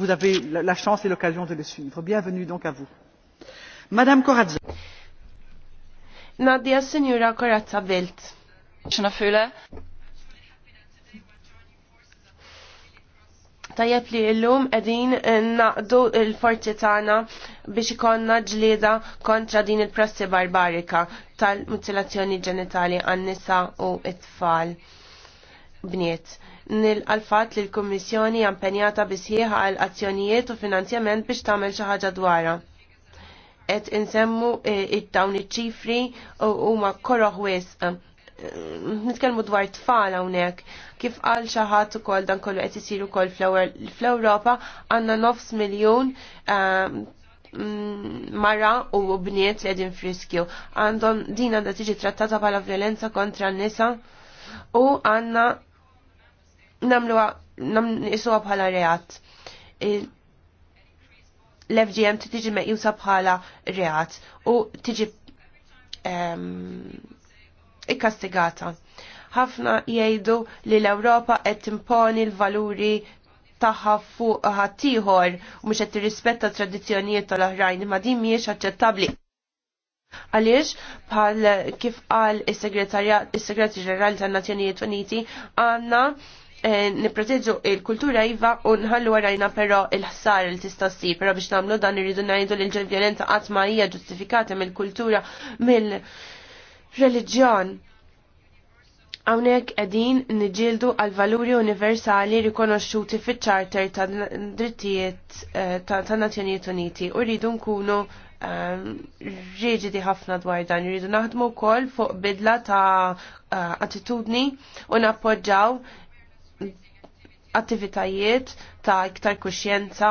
vous avez la chance et l'occasion de le suivre. Bienvenue donc à vous. Madame Corazza. Nadia Signora Corazza Bilt. Xnafile. Tajjeb li l-lum edin naqdu il-forzi tana biex ikonna ġlida kontra din il-prassi barbarika tal-mutilazzjoni ġenitali għan-nisa u it-tfal bniet. Nil-għalfat li l-Kommissjoni jampenjata bisħieħa għal azzjonijiet u finanzjament biex tagħmel xi ħaġa dwarha. Et insemmu eh, id-dawn iċ-ċifri huma korroħ wisq. Eh, nitkellmu dwar tfal hawnhekk. Kif qal xi ħadd ukoll dan kollu qed isir ukoll fl-Ewropa għandna nofs miljun eh, mm, mara u bniet li qegħdin friskju. Għandhom din għandha tiġi trattata bħala violenza kontra n-nisa u għandna namluwa nam bħala reat. L-FGM tiġi meqjusa bħala reat u tiġi ikkastigata. Ħafna jgħidu li l-Ewropa qed timponi l-valuri taħħa fuq ħaddieħor u mhux qed tirrispetta tradizzjonijiet tal-oħrajn ma din mhijiex aċċettabbli. Għaliex, bħal kif qal is-Segretarjat is-Segretarju Ġenerali tan-Nazzjonijiet Uniti għandna Eh, niproteġu il-kultura jiva u nħallu għarajna pero il-ħsar il tista ssir pero biex namlu dan irridu najdu li l-violenza għatma hija ġustifikata mill-kultura mill-reliġjon. Għawnek edin nġildu għal valuri universali rikonoxxuti fit-ċarter ta' drittijiet eh, ta' Nazzjonijiet Uniti u rridu nkunu ehm, riġidi ħafna dwar dan, rridu naħdmu kol fuq bidla ta' eh, attitudni u nappoġġaw attivitajiet ta' iktar kuxjenza,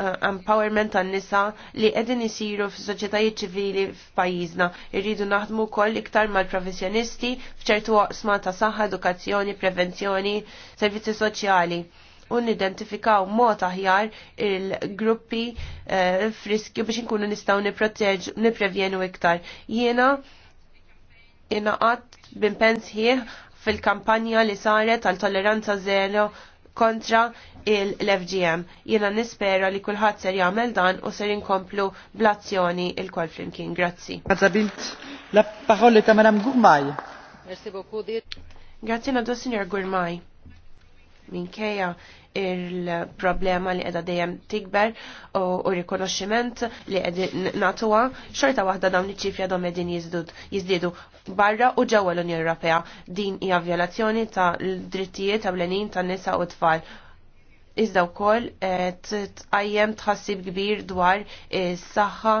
uh, empowerment tan nisa li edin isiru fis-soċjetajiet ċivili f'pajjiżna. Irridu naħdmu koll iktar mal-professjonisti f'ċertu waqsma ta' saħħa, edukazzjoni, prevenzjoni, servizzi soċjali u nidentifikaw mod aħjar il-gruppi uh, eh, friski biex nkunu nistaw niprotteġu, niprevjenu iktar. Jiena inaqat b'impens ħieħ fil-kampanja li saret tal-tolleranza zero kontra il-FGM. Jena nispera li kullħat ser jagħmel dan u ser inkomplu blazzjoni il-kol flimkien. Grazzi. Għazabint, la parola ta' Madame Gourmay. Merci beaucoup, Grazie nadu, Signor Gourmay minkejja il-problema li edha dejjem tikber u rikonoxximent li edha natuwa xorta waħda dawn iċ-ċifri għadhom qegħdin jiżdiedu barra u ġewwa l-Unjoni Ewropea. Din hija vjolazzjoni ta' drittijiet ta' blenin ta' nisa u tfal. Iżda wkoll tqajjem tħassib kbir dwar is-saħħa